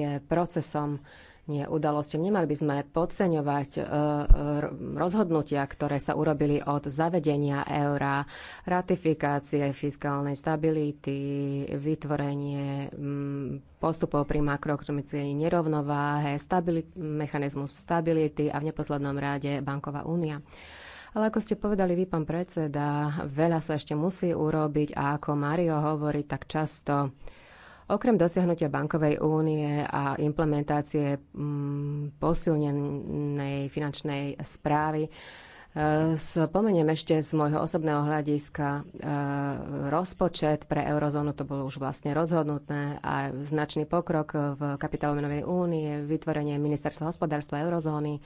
je procesom, nie udalosťom. Nemali by sme podceňovať e, e, rozhodnutia, ktoré sa urobili od zavedenia eura, ratifikácie fiskálnej stability, vytvorenie mm, postupov pri makroekonomickej nerovnováhe, mechanizmus stability a v neposlednom rade Banková únia. Ale ako ste povedali vy, pán predseda, veľa sa ešte musí urobiť a ako Mario hovorí tak často, Okrem dosiahnutia bankovej únie a implementácie mm, posilnenej finančnej správy, e, spomeniem ešte z môjho osobného hľadiska e, rozpočet pre eurozónu, to bolo už vlastne rozhodnuté a značný pokrok v kapitálomenovej únie, vytvorenie ministerstva hospodárstva eurozóny,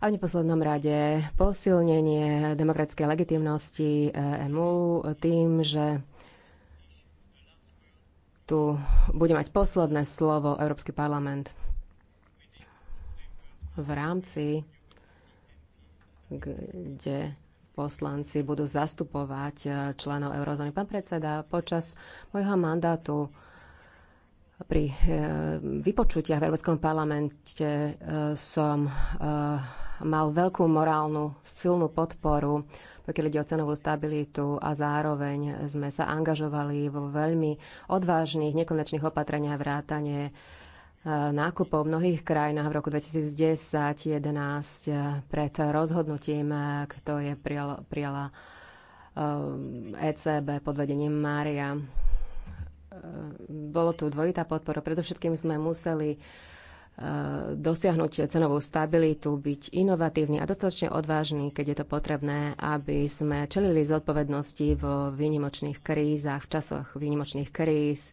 a v neposlednom rade posilnenie demokratickej legitimnosti EMU tým, že tu bude mať posledné slovo Európsky parlament v rámci, kde poslanci budú zastupovať eh, členov eurozóny. Pán predseda, počas môjho mandátu pri eh, vypočutiach v Európskom parlamente eh, som mal veľkú morálnu, silnú podporu pokiaľ ide o cenovú stabilitu a zároveň sme sa angažovali vo veľmi odvážnych nekonečných opatreniach vrátane e, nákupov v mnohých krajinách v roku 2010-2011 e, pred rozhodnutím, e, kto je prijala, prijala ECB pod vedením Mária. Bolo tu dvojitá podpora. Predovšetkým sme museli Eh, dosiahnuť cenovú stabilitu, byť inovatívny a dostatočne odvážny, keď je to potrebné, aby sme čelili zodpovednosti vo výnimočných krízach, v časoch výnimočných kríz.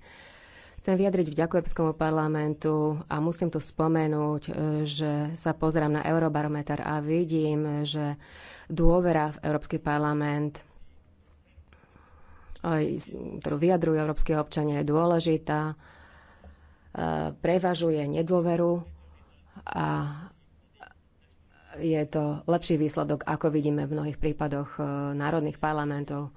Chcem vyjadriť vďaku Európskemu parlamentu a musím tu spomenúť, eh, že sa pozerám na Eurobarometer a vidím, že dôvera v Európsky parlament ktorú vyjadrujú európske občania, je dôležitá prevažuje nedôveru a je to lepší výsledok, ako vidíme v mnohých prípadoch e, národných parlamentov.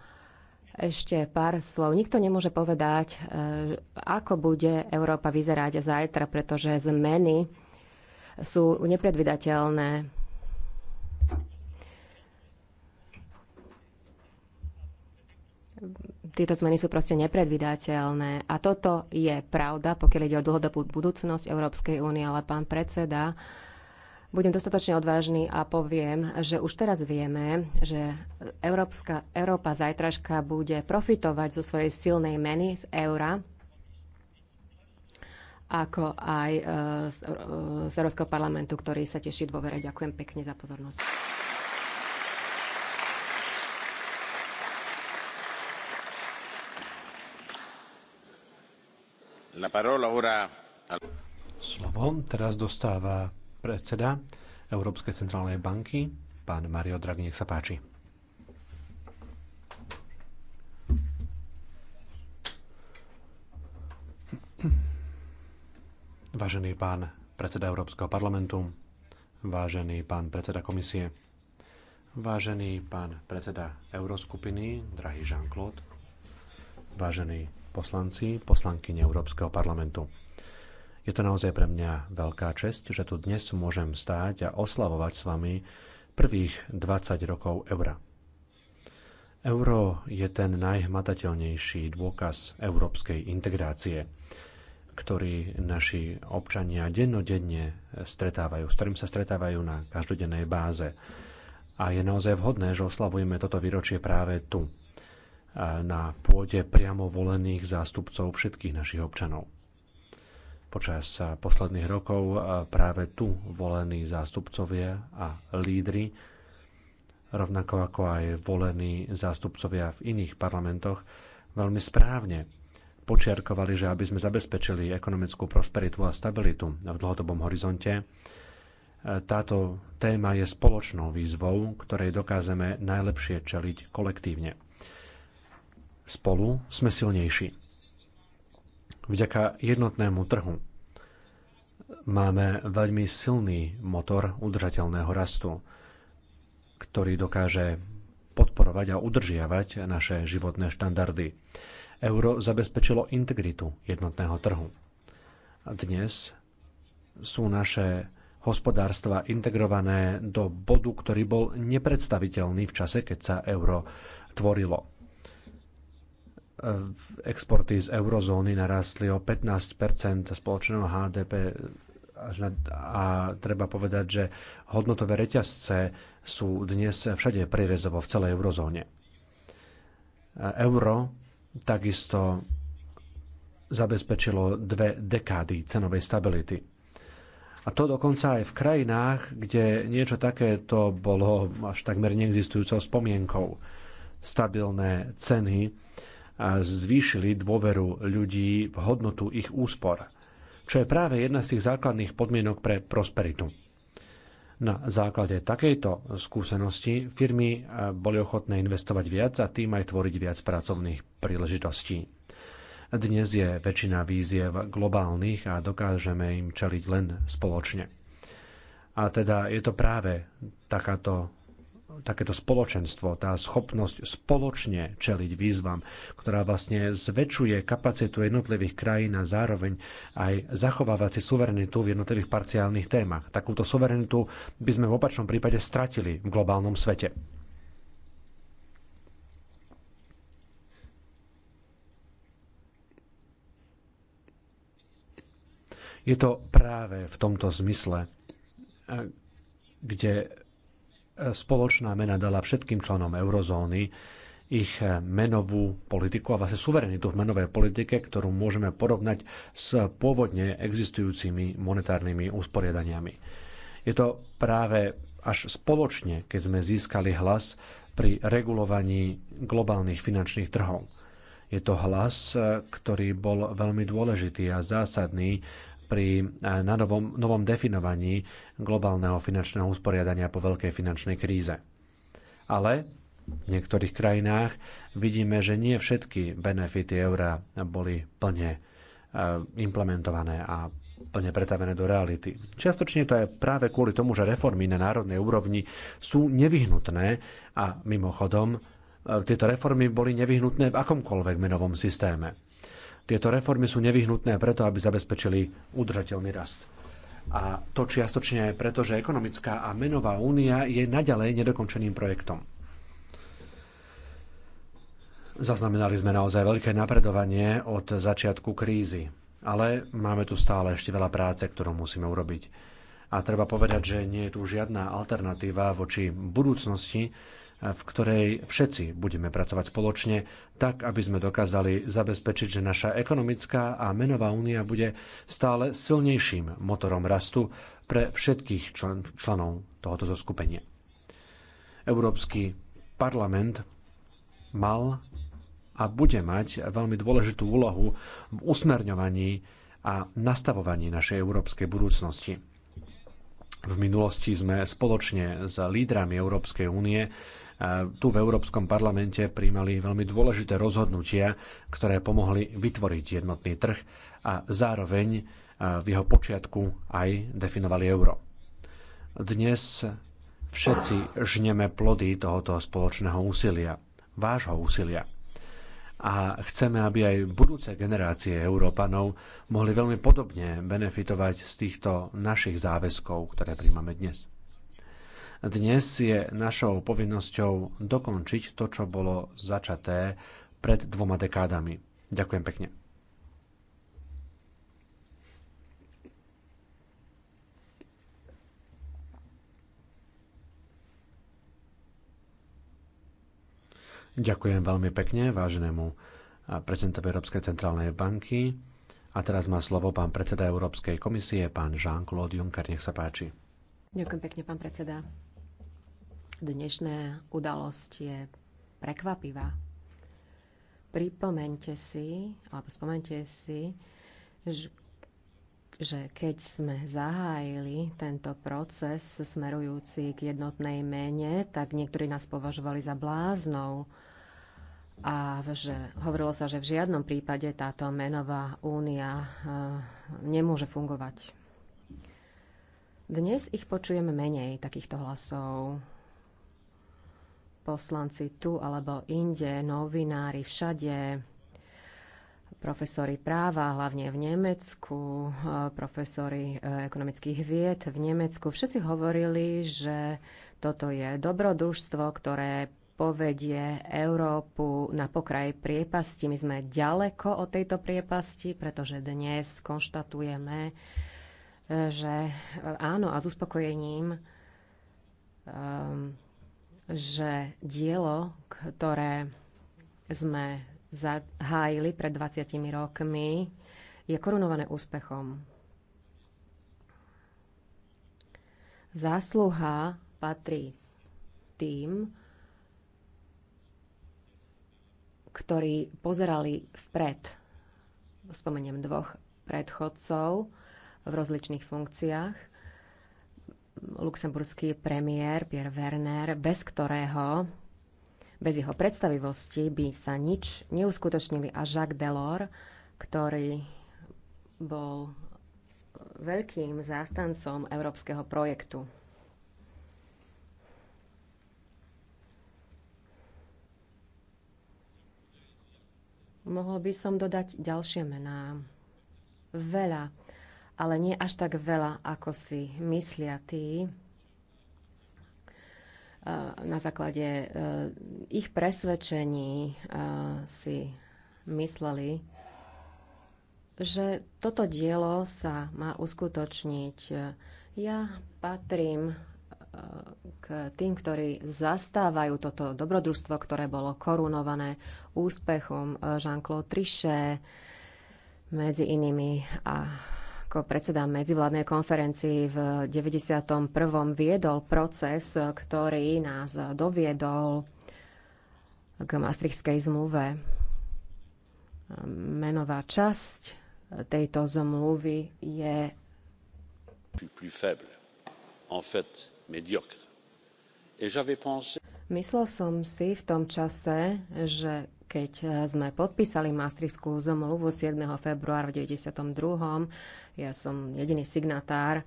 Ešte pár slov. Nikto nemôže povedať, e, ako bude Európa vyzerať zajtra, pretože zmeny sú nepredvydateľné. Tieto zmeny sú proste nepredvydateľné. A toto je pravda, pokiaľ ide o dlhodobú budúcnosť Európskej únie, ale pán predseda, budem dostatočne odvážny a poviem, že už teraz vieme, že Európska, Európa zajtražka bude profitovať zo svojej silnej meny z eura, ako aj e, e, z Európskeho parlamentu, ktorý sa teší dôvere. Ďakujem pekne za pozornosť. Slovo teraz dostáva predseda Európskej centrálnej banky, pán Mario Draghi, nech sa páči. Vážený pán predseda Európskeho parlamentu, vážený pán predseda komisie, vážený pán predseda Euroskupiny, drahý Jean-Claude, vážený poslanci, poslankyne Európskeho parlamentu. Je to naozaj pre mňa veľká česť, že tu dnes môžem stáť a oslavovať s vami prvých 20 rokov eura. Euro je ten najhmatateľnejší dôkaz európskej integrácie, ktorý naši občania dennodenne stretávajú, s ktorým sa stretávajú na každodennej báze. A je naozaj vhodné, že oslavujeme toto výročie práve tu, na pôde priamo volených zástupcov všetkých našich občanov. Počas posledných rokov práve tu volení zástupcovia a lídry, rovnako ako aj volení zástupcovia v iných parlamentoch, veľmi správne počiarkovali, že aby sme zabezpečili ekonomickú prosperitu a stabilitu v dlhodobom horizonte, táto téma je spoločnou výzvou, ktorej dokážeme najlepšie čeliť kolektívne. Spolu sme silnejší. Vďaka jednotnému trhu máme veľmi silný motor udržateľného rastu, ktorý dokáže podporovať a udržiavať naše životné štandardy. Euro zabezpečilo integritu jednotného trhu. dnes sú naše hospodárstva integrované do bodu, ktorý bol nepredstaviteľný v čase, keď sa euro tvorilo exporty z eurozóny narastli o 15 spoločného HDP a treba povedať, že hodnotové reťazce sú dnes všade prirezovo v celej eurozóne. Euro takisto zabezpečilo dve dekády cenovej stability. A to dokonca aj v krajinách, kde niečo takéto bolo až takmer neexistujúcou spomienkou. Stabilné ceny zvýšili dôveru ľudí v hodnotu ich úspor, čo je práve jedna z tých základných podmienok pre prosperitu. Na základe takejto skúsenosti firmy eh, boli ochotné investovať viac a tým aj tvoriť viac pracovných príležitostí. Dnes je väčšina víziev globálnych a dokážeme im čeliť len spoločne. A teda je to práve takáto takéto spoločenstvo, tá schopnosť spoločne čeliť výzvam, ktorá vlastne zväčšuje kapacitu jednotlivých krajín a zároveň aj zachovávať si suverenitu v jednotlivých parciálnych témach. Takúto suverenitu by sme v opačnom prípade stratili v globálnom svete. Je to práve v tomto zmysle, eh, kde spoločná mena dala všetkým členom eurozóny ich menovú politiku a vlastne suverenitu v menovej politike, ktorú môžeme porovnať s pôvodne existujúcimi monetárnymi usporiadaniami. Je to práve až spoločne, keď sme získali hlas pri regulovaní globálnych finančných trhov. Je to hlas, ktorý bol veľmi dôležitý a zásadný pri na novom, novom definovaní globálneho finančného usporiadania po veľkej finančnej kríze. Ale v niektorých krajinách vidíme, že nie všetky benefity eura boli plne e, implementované a plne pretavené do reality. Čiastočne to je práve kvôli tomu, že reformy na národnej úrovni sú nevyhnutné a mimochodom e, tieto reformy boli nevyhnutné v akomkoľvek menovom systéme. Tieto reformy sú nevyhnutné preto, aby zabezpečili udržateľný rast. A to čiastočne aj preto, že ekonomická a menová únia je naďalej nedokončeným projektom. Zaznamenali sme naozaj veľké napredovanie od začiatku krízy, ale máme tu stále ešte veľa práce, ktorú musíme urobiť. A treba povedať, že nie je tu žiadna alternatíva voči budúcnosti, v ktorej všetci budeme pracovať spoločne, tak aby sme dokázali zabezpečiť, že naša ekonomická a menová únia bude stále silnejším motorom rastu pre všetkých člen, členov tohoto zoskupenia. Európsky parlament mal a bude mať veľmi dôležitú úlohu v usmerňovaní a nastavovaní našej európskej budúcnosti. V minulosti sme spoločne s lídrami Európskej únie tu v Európskom parlamente príjmali veľmi dôležité rozhodnutia, ktoré pomohli vytvoriť jednotný trh a zároveň v jeho počiatku aj definovali euro. Dnes všetci žneme plody tohoto spoločného úsilia, vášho úsilia a chceme, aby aj budúce generácie Európanov mohli veľmi podobne benefitovať z týchto našich záväzkov, ktoré príjmame dnes. Dnes je našou povinnosťou dokončiť to, čo bolo začaté pred dvoma dekádami. Ďakujem pekne. Ďakujem veľmi pekne váženému prezidentovi Európskej centrálnej banky. A teraz má slovo pán predseda Európskej komisie, pán Jean-Claude Juncker. Nech sa páči. Ďakujem pekne, pán predseda. Dnešná udalosť je prekvapivá. Pripomente si, alebo spomente si, že keď sme zahájili tento proces smerujúci k jednotnej mene, tak niektorí nás považovali za bláznou. a že hovorilo sa, že v žiadnom prípade táto menová únia e, nemôže fungovať. Dnes ich počujeme menej takýchto hlasov poslanci tu alebo inde, novinári všade, profesori práva, hlavne v Nemecku, eh, profesori eh, ekonomických vied v Nemecku, všetci hovorili, že toto je dobrodružstvo, ktoré povedie Európu na pokraj priepasti. My sme ďaleko od tejto priepasti, pretože dnes konštatujeme, eh, že áno a s uspokojením um, že dielo, ktoré sme zahájili pred 20 rokmi, je korunované úspechom. Zásluha patrí tým, ktorí pozerali vpred. Spomeniem dvoch predchodcov v rozličných funkciách luxemburský premiér Pierre Werner, bez ktorého, bez jeho predstavivosti by sa nič neuskutočnili a Jacques Delors, ktorý bol veľkým zástancom európskeho projektu. Mohol by som dodať ďalšie mená. Veľa ale nie až tak veľa, ako si myslia tí, eh, na základe eh, ich presvedčení eh, si mysleli, že toto dielo sa má uskutočniť. Ja patrím k tým, ktorí zastávajú toto dobrodružstvo, ktoré bolo korunované úspechom Jean-Claude Trichet medzi inými a ako predseda medzivládnej konferencii v 91. viedol proces, ktorý nás doviedol k Maastrichtskej zmluve. Menová časť tejto zmluvy je Myslel som si v tom čase, že keď sme podpísali Maastrichtskú zmluvu 7. februára 1992, ja som jediný signatár, eh,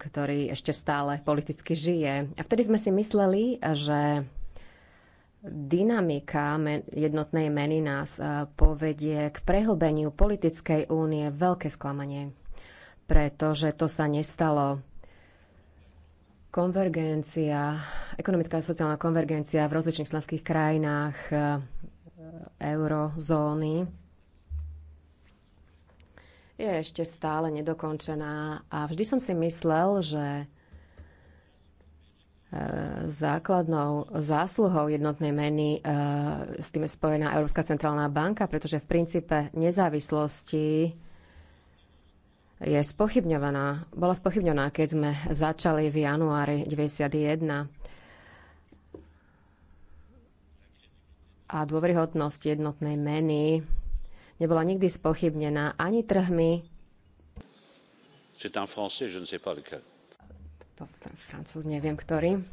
ktorý ešte stále politicky žije. A vtedy sme si mysleli, že dynamika jednotnej meny nás eh, povedie k prehlbeniu politickej únie veľké sklamanie, pretože to sa nestalo. Konvergencia, ekonomická a sociálna konvergencia v rozličných členských krajinách eh, eurozóny je ešte stále nedokončená a vždy som si myslel, že e, základnou zásluhou jednotnej meny e, s tým je spojená Európska centrálna banka, pretože v princípe nezávislosti je spochybňovaná, bola spochybňovaná, keď sme začali v januári 91. A dôveryhodnosť jednotnej meny nebola nikdy spochybnená ani trhmi. C'est un français, je ne sais pas lequel. Francúz, Francúz, neviem ktorý.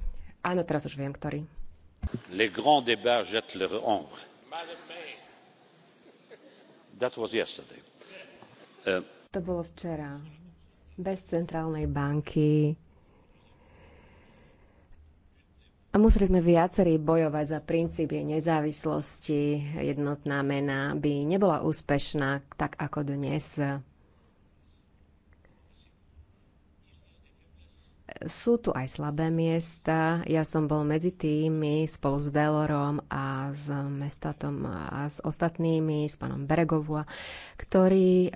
Áno, teraz už viem ktorý. Les grands débats jettent leur ombre. That was yesterday. Uh, to bolo včera. Bez centrálnej banky, A museli sme viacerí bojovať za princípy nezávislosti. Jednotná mena by nebola úspešná tak ako dnes sú tu aj slabé miesta. Ja som bol medzi tými spolu s Delorom a s Mestatom a s ostatnými, s pánom Beregovu, ktorí uh,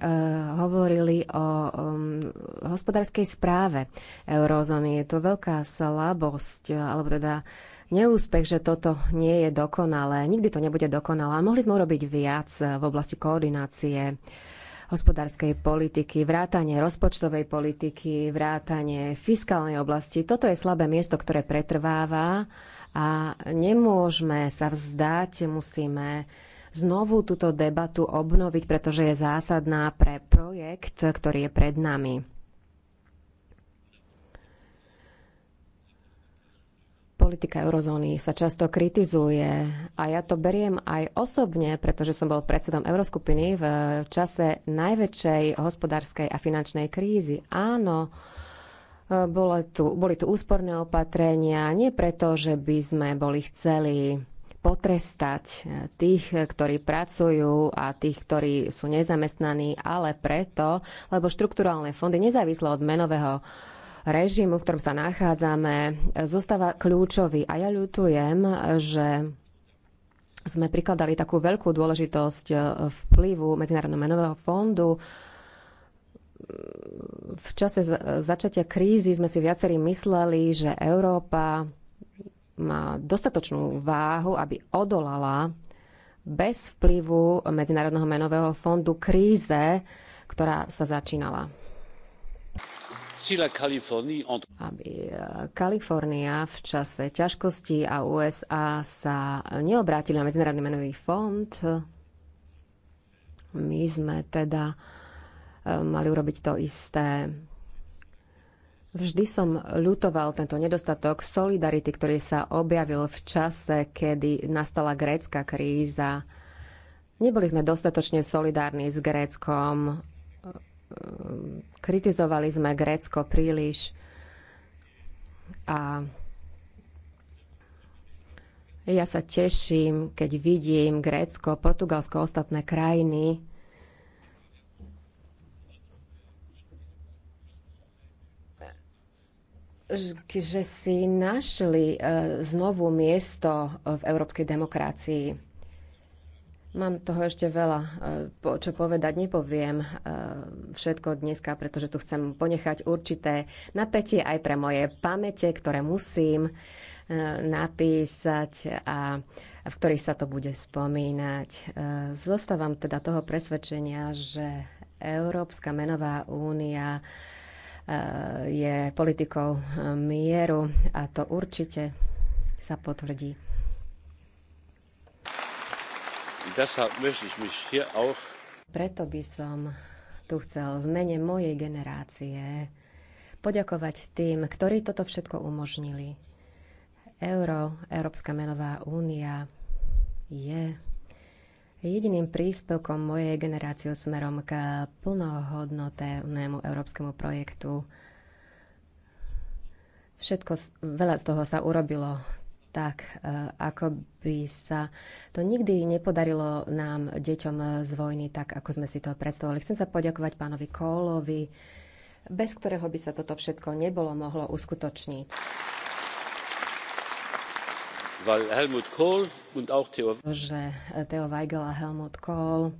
hovorili o um, hospodárskej správe eurozóny. Je to veľká slabosť, alebo teda neúspech, že toto nie je dokonalé. Nikdy to nebude dokonalé. Mohli sme urobiť viac eh, v oblasti koordinácie hospodárskej politiky, vrátanie rozpočtovej politiky, vrátanie fiskálnej oblasti. Toto je slabé miesto, ktoré pretrváva a nemôžeme sa vzdať, musíme znovu túto debatu obnoviť, pretože je zásadná pre projekt, ktorý je pred nami. politika eurozóny sa často kritizuje a ja to beriem aj osobne, pretože som bol predsedom Euroskupiny v čase najväčšej hospodárskej a finančnej krízy. Áno, e, bolo tu, boli tu úsporné opatrenia, nie preto, že by sme boli chceli potrestať e, tých, ktorí pracujú a tých, ktorí sú nezamestnaní, ale preto, lebo štrukturálne fondy nezávisle od menového režimu, v ktorom sa nachádzame, zostáva kľúčový. A ja ľutujem, že sme prikladali takú veľkú dôležitosť eh, vplyvu Medzinárodného menového fondu. V čase začatia krízy sme si viacerí mysleli, že Európa má dostatočnú váhu, aby odolala bez vplyvu Medzinárodného menového fondu kríze, ktorá sa začínala aby e, Kalifornia v čase ťažkosti a USA sa neobrátili na Medzinárodný menový fond. My sme teda e, mali urobiť to isté. Vždy som ľutoval tento nedostatok solidarity, ktorý sa objavil v čase, kedy nastala grécka kríza. Neboli sme dostatočne solidárni s Gréckom kritizovali sme Grécko príliš a ja sa teším, keď vidím Grécko, Portugalsko, ostatné krajiny, že si našli eh, znovu miesto v európskej demokracii. Mám toho ešte veľa, e, čo povedať. Nepoviem e, všetko dneska, pretože tu chcem ponechať určité napätie aj pre moje pamäte, ktoré musím e, napísať a v ktorých sa to bude spomínať. Zostávam teda toho presvedčenia, že Európska menová únia je politikou mieru a to určite sa potvrdí. Preto by som tu chcel v mene mojej generácie poďakovať tým, ktorí toto všetko umožnili. Euro, Európska menová únia, je jediným príspevkom mojej generácie smerom k plnohodnotnému európskemu projektu. Všetko, veľa z toho sa urobilo tak, e, ako by sa to nikdy nepodarilo nám, deťom z vojny, tak, ako sme si to predstavovali. Chcem sa poďakovať pánovi Kólovi, bez ktorého by sa toto všetko nebolo mohlo uskutočniť. Weil Helmut Kohl und auch Theo... Že Theo Weigel a Helmut Kohl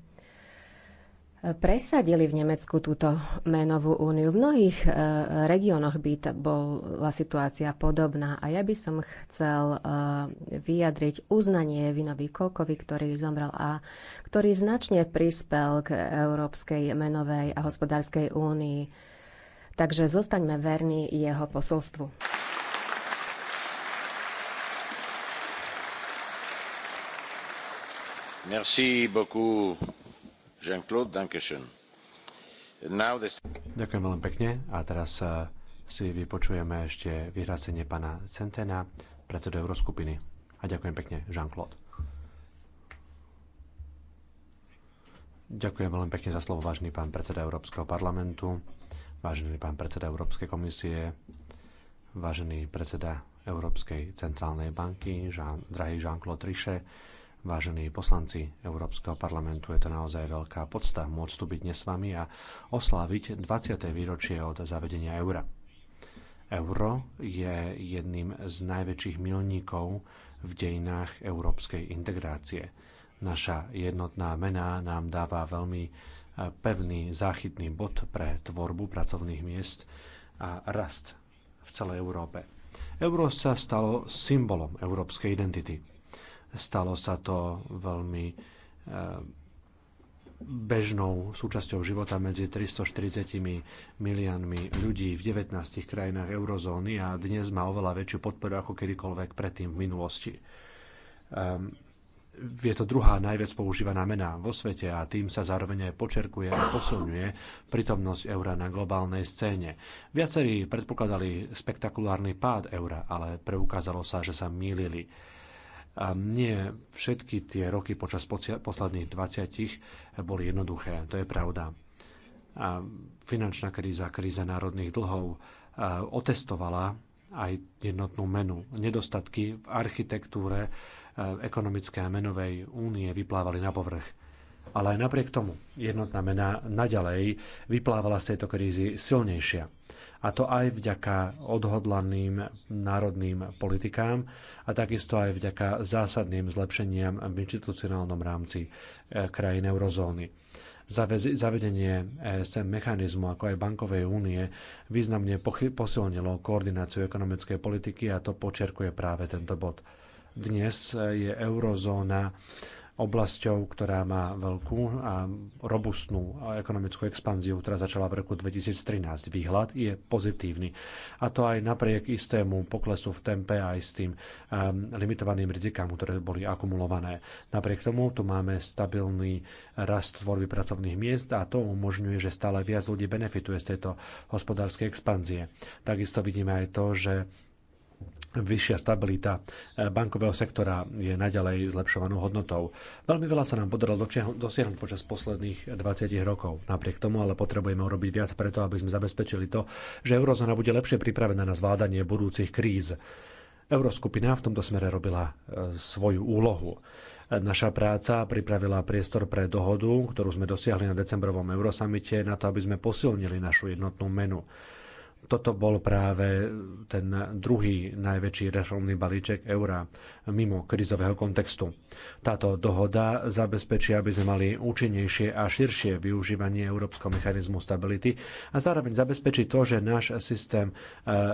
presadili v Nemecku túto menovú úniu. V mnohých e, regiónoch by to bola situácia podobná a ja by som chcel e, vyjadriť uznanie Vinovi Kolkovi, ktorý zomrel a ktorý značne prispel k Európskej menovej a hospodárskej únii. Takže zostaňme verní jeho posolstvu. Merci beaucoup. Ďakujem veľmi pekne a teraz eh, si vypočujeme ešte vyhlásenie pána Centena, predsedu Euroskupiny. A ďakujem pekne, Jean-Claude. Ďakujem veľmi pekne za slovo, vážený pán predseda Európskeho parlamentu, vážený pán predseda Európskej komisie, vážený predseda Európskej centrálnej banky, Jean, drahý Jean-Claude Trichet, vážení poslanci Európskeho parlamentu. Je to naozaj veľká podsta môcť tu byť dnes s vami a osláviť 20. výročie od zavedenia eura. Euro je jedným z najväčších milníkov v dejinách európskej integrácie. Naša jednotná mena nám dáva veľmi eh, pevný záchytný bod pre tvorbu pracovných miest a rast v celej Európe. Euro sa stalo symbolom európskej identity Stalo sa to veľmi e, bežnou súčasťou života medzi 340 miliónmi ľudí v 19 krajinách eurozóny a dnes má oveľa väčšiu podporu ako kedykoľvek predtým v minulosti. Ehm, je to druhá najviac používaná mena vo svete a tým sa zároveň aj počerkuje a posilňuje prítomnosť eura na globálnej scéne. Viacerí predpokladali spektakulárny pád eura, ale preukázalo sa, že sa mýlili nie všetky tie roky počas posledných 20 boli jednoduché, to je pravda. A finančná kríza, kríza národných dlhov otestovala aj jednotnú menu. Nedostatky v architektúre ekonomickej a menovej únie vyplávali na povrch. Ale aj napriek tomu jednotná mena naďalej vyplávala z tejto krízy silnejšia a to aj vďaka odhodlaným národným politikám a takisto aj vďaka zásadným zlepšeniam v inštitucionálnom rámci e, krajín eurozóny. Zavedenie ESM mechanizmu ako aj bankovej únie významne posilnilo koordináciu ekonomickej politiky a to počerkuje práve tento bod. Dnes e, je eurozóna oblasťou, ktorá má veľkú a robustnú ekonomickú expanziu, ktorá začala v roku 2013. Výhľad je pozitívny. A to aj napriek istému poklesu v tempe aj s tým um, ehm, limitovaným rizikám, ktoré boli akumulované. Napriek tomu tu máme stabilný rast tvorby pracovných miest a to umožňuje, že stále viac ľudí benefituje z tejto hospodárskej expanzie. Takisto vidíme aj to, že vyššia stabilita eh, bankového sektora je naďalej zlepšovanou hodnotou. Veľmi veľa sa nám podarilo dosiahnuť počas posledných 20 rokov. Napriek tomu ale potrebujeme urobiť viac preto, aby sme zabezpečili to, že eurozóna bude lepšie pripravená na zvládanie budúcich kríz. Euroskupina v tomto smere robila eh, svoju úlohu. Eh, naša práca pripravila priestor pre dohodu, ktorú sme dosiahli na decembrovom eurosamite, na to, aby sme posilnili našu jednotnú menu. Toto bol práve ten druhý najväčší reformný balíček eura mimo krizového kontextu. Táto dohoda zabezpečí, aby sme mali účinnejšie a širšie využívanie Európskeho mechanizmu stability a zároveň zabezpečí to, že náš systém e,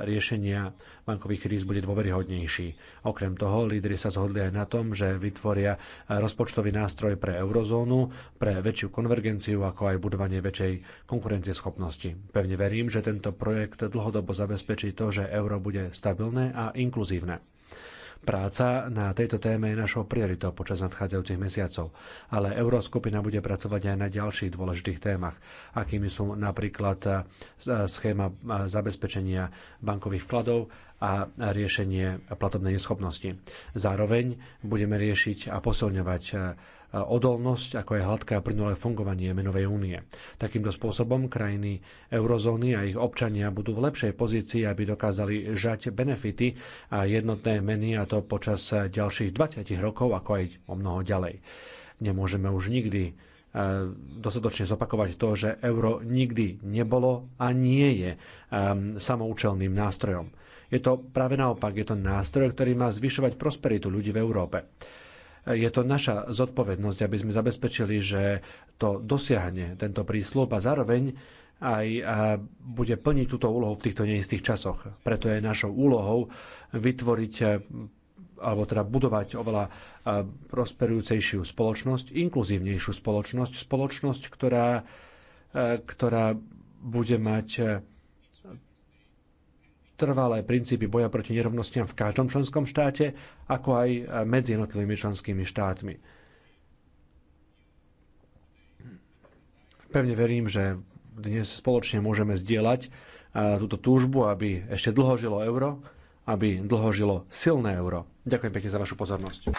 riešenia bankových kríz bude dôveryhodnejší. Okrem toho, lídry sa zhodli aj na tom, že vytvoria e, rozpočtový nástroj pre eurozónu, pre väčšiu konvergenciu, ako aj budovanie väčšej konkurencieschopnosti. Pevne verím, že tento projekt dlhodobo zabezpečiť to, že euro bude stabilné a inkluzívne. Práca na tejto téme je našou prioritou počas nadchádzajúcich mesiacov, ale Euroskupina bude pracovať aj na ďalších dôležitých témach, akými sú napríklad e, schéma e, zabezpečenia bankových vkladov a riešenie platobnej neschopnosti. Zároveň budeme riešiť a posilňovať e, odolnosť, ako aj hladké a plynulé fungovanie menovej únie. Takýmto spôsobom krajiny eurozóny a ich občania budú v lepšej pozícii, aby dokázali žať benefity a jednotné meny a to počas ďalších 20 rokov, ako aj o mnoho ďalej. Nemôžeme už nikdy e, dostatočne zopakovať to, že euro nikdy nebolo a nie je e, samoučelným nástrojom. Je to práve naopak, je to nástroj, ktorý má zvyšovať prosperitu ľudí v Európe. Je to naša zodpovednosť, aby sme zabezpečili, že to dosiahne tento prísľub a zároveň aj bude plniť túto úlohu v týchto neistých časoch. Preto je našou úlohou vytvoriť e, alebo teda budovať oveľa e, prosperujúcejšiu spoločnosť, inkluzívnejšiu spoločnosť, spoločnosť, ktorá, e, ktorá bude mať trvalé princípy boja proti nerovnostiam v každom členskom štáte, ako aj medzi jednotlivými členskými štátmi. Pevne verím, že dnes spoločne môžeme zdieľať e, túto túžbu, aby ešte dlho žilo euro, aby dlho žilo silné euro. Ďakujem pekne za vašu pozornosť.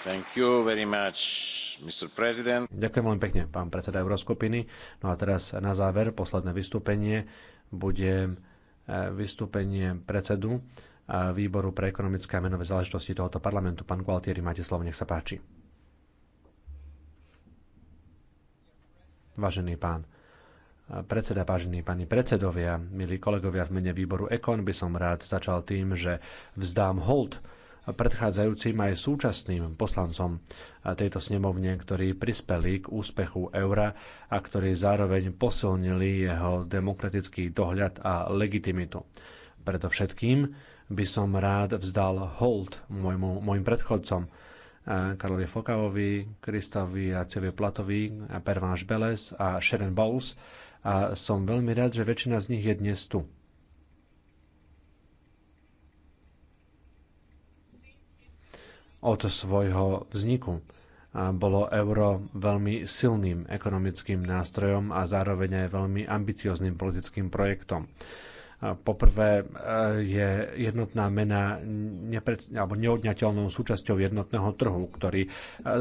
Thank you very much. Ďakujem veľmi pekne, pán predseda Euroskupiny. No a teraz na záver posledné vystúpenie bude e, vystúpenie predsedu e, výboru pre ekonomické a menové záležitosti tohoto parlamentu. Pán Gualtieri, máte slovo, nech sa páči. Vážený pán e, predseda, vážení pani predsedovia, milí kolegovia v mene výboru EKON, by som rád začal tým, že vzdám hold predchádzajúcim aj súčasným poslancom tejto snemovne, ktorí prispeli k úspechu eura a ktorí zároveň posilnili jeho demokratický dohľad a legitimitu. Preto všetkým by som rád vzdal hold môjmu, môjim predchodcom, eh, Karlovi Fokavovi, Kristovi a Cevie Platovi, Perváš Beles a Sharon Bowles a som veľmi rád, že väčšina z nich je dnes tu. od svojho vzniku. Bolo euro veľmi silným ekonomickým nástrojom a zároveň aj veľmi ambiciozným politickým projektom. Poprvé e, je jednotná mena nepred, alebo neodňateľnou súčasťou jednotného trhu, ktorý, e,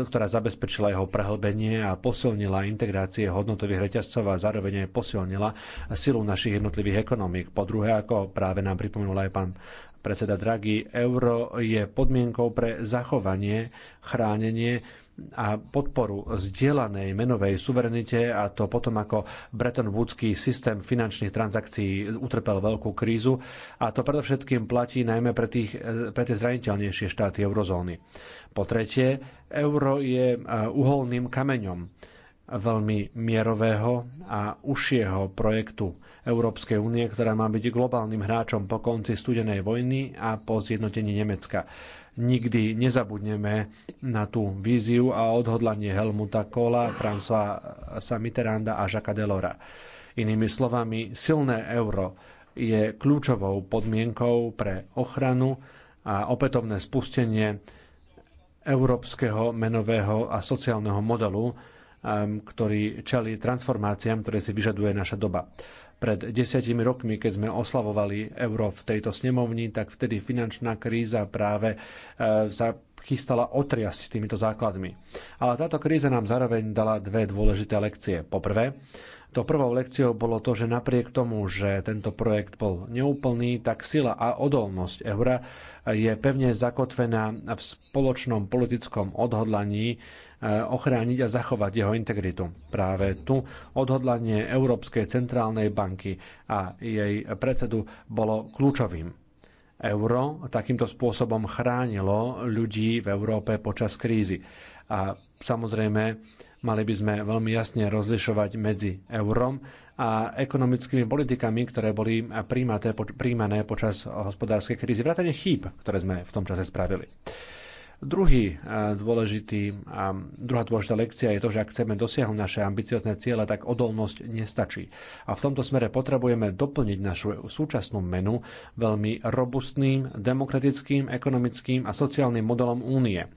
ktorá zabezpečila jeho prehlbenie a posilnila integrácie hodnotových reťazcov a zároveň aj posilnila silu našich jednotlivých ekonomík. Po druhé, ako práve nám pripomenul aj pán Predseda Draghi, euro je podmienkou pre zachovanie, chránenie a podporu zdieľanej menovej suverenite a to potom, ako Bretton Woodský systém finančných transakcií utrpel veľkú krízu a to predovšetkým platí najmä pre, tých, eh, pre tie zraniteľnejšie štáty eurozóny. Po tretie, euro je eh, uholným kameňom veľmi mierového a užšieho projektu Európskej únie, ktorá má byť globálnym hráčom po konci studenej vojny a po zjednotení Nemecka. Nikdy nezabudneme na tú víziu a odhodlanie Helmuta Kola, Françoisa Mitterranda a Jacques Delora. Inými slovami, silné euro je kľúčovou podmienkou pre ochranu a opätovné spustenie európskeho menového a sociálneho modelu, Um, ktorý čelí transformáciám, ktoré si vyžaduje naša doba. Pred desiatimi rokmi, keď sme oslavovali euro v tejto snemovni, tak vtedy finančná kríza práve sa uh, chystala otriasť týmito základmi. Ale táto kríza nám zároveň dala dve dôležité lekcie. Poprvé, to prvou lekciou bolo to, že napriek tomu, že tento projekt bol neúplný, tak sila a odolnosť eura je pevne zakotvená v spoločnom politickom odhodlaní Eh, ochrániť a zachovať jeho integritu. Práve tu odhodlanie Európskej centrálnej banky a jej predsedu bolo kľúčovým. Euro takýmto spôsobom chránilo ľudí v Európe počas krízy. A samozrejme, mali by sme veľmi jasne rozlišovať medzi eurom a ekonomickými politikami, ktoré boli príjmané počas hospodárskej krízy, vrátane chýb, ktoré sme v tom čase spravili. Druhý eh, dôležitý, druhá dôležitá lekcia je to, že ak chceme dosiahnuť naše ambiciozne ciele, tak odolnosť nestačí. A v tomto smere potrebujeme doplniť našu súčasnú menu veľmi robustným, demokratickým, ekonomickým a sociálnym modelom únie.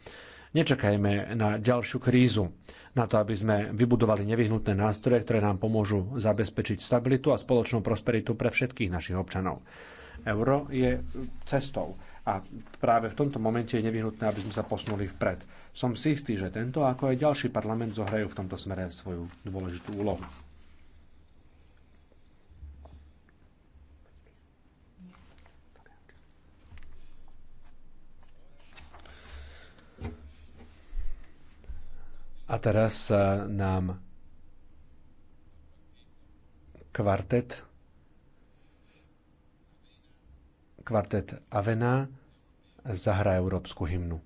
Nečakajme na ďalšiu krízu na to, aby sme vybudovali nevyhnutné nástroje, ktoré nám pomôžu zabezpečiť stabilitu a spoločnú prosperitu pre všetkých našich občanov. Euro je cestou a práve v tomto momente je nevyhnutné, aby sme sa posunuli vpred. Som si istý, že tento, ako aj ďalší parlament, zohrajú v tomto smere svoju dôležitú úlohu. A teraz eh, nám kvartet kvartet Avena zahrá európsku hymnu.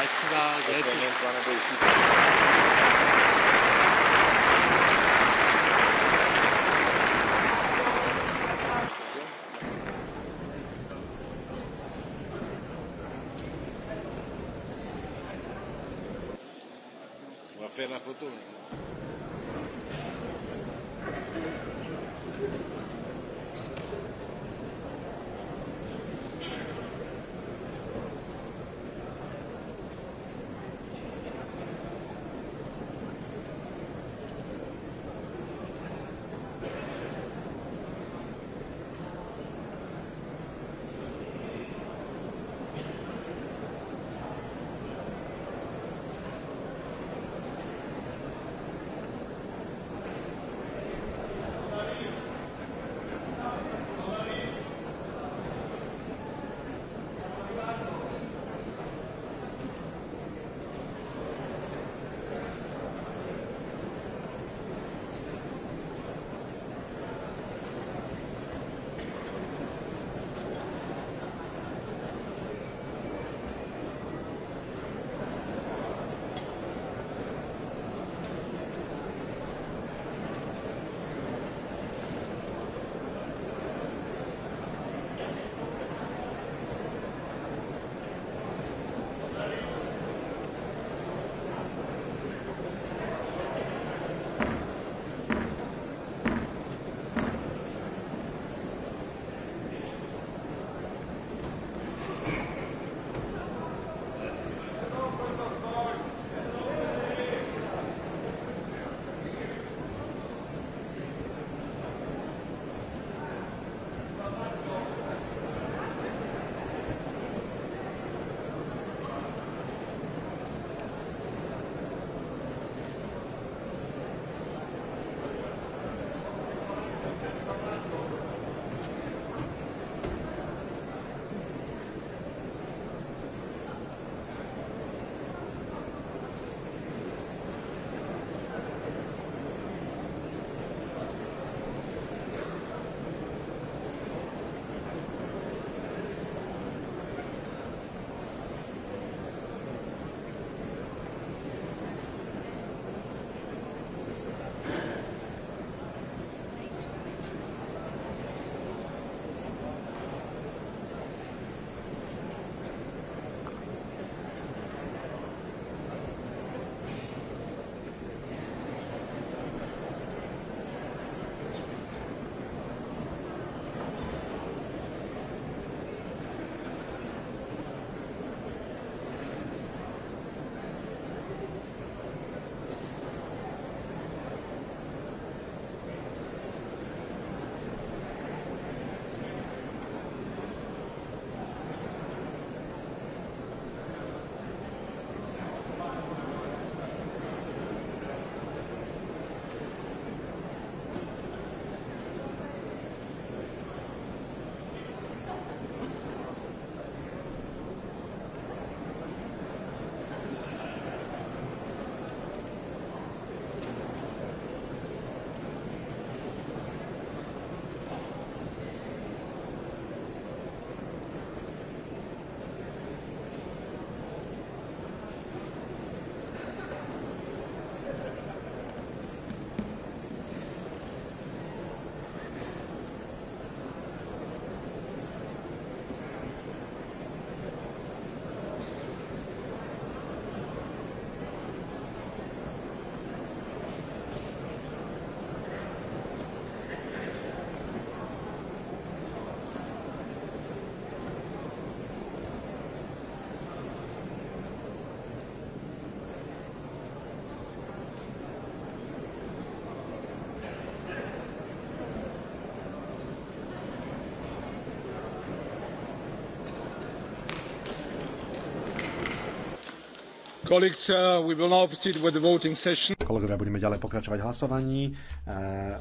leisten war. Selbst Uh, Kolegovia, budeme ďalej pokračovať v hlasovaní. Uh,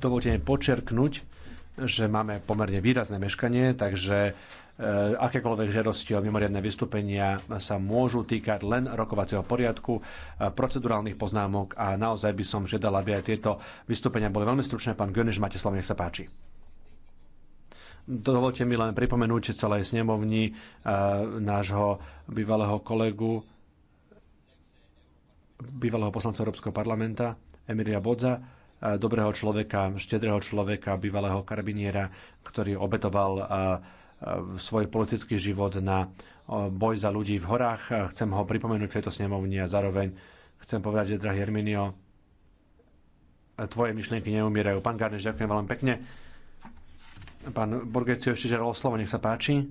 dovolte mi počerknúť, že máme pomerne výrazné meškanie, takže uh, akékoľvek žiadosti o mimoriadne vystúpenia sa môžu týkať len rokovacieho poriadku, procedurálnych poznámok a naozaj by som žiadal, aby aj tieto vystúpenia boli veľmi stručné. Pán Göniš, máte slovo, nech sa páči. Dovolte mi len pripomenúť celej snemovni eh, nášho bývalého kolegu, bývalého poslanca Európskeho parlamenta, Emilia Bodza, eh, dobrého človeka, štedrého človeka, bývalého karabiniera, ktorý obetoval eh, svoj politický život na boj za ľudí v horách. Chcem ho pripomenúť v tejto snemovni a zároveň chcem povedať, že drahý Herminio, tvoje myšlienky neumierajú. Pán Garneš, ďakujem veľmi pekne Pán Borgecio ešte žiadal slovo, nech sa páči.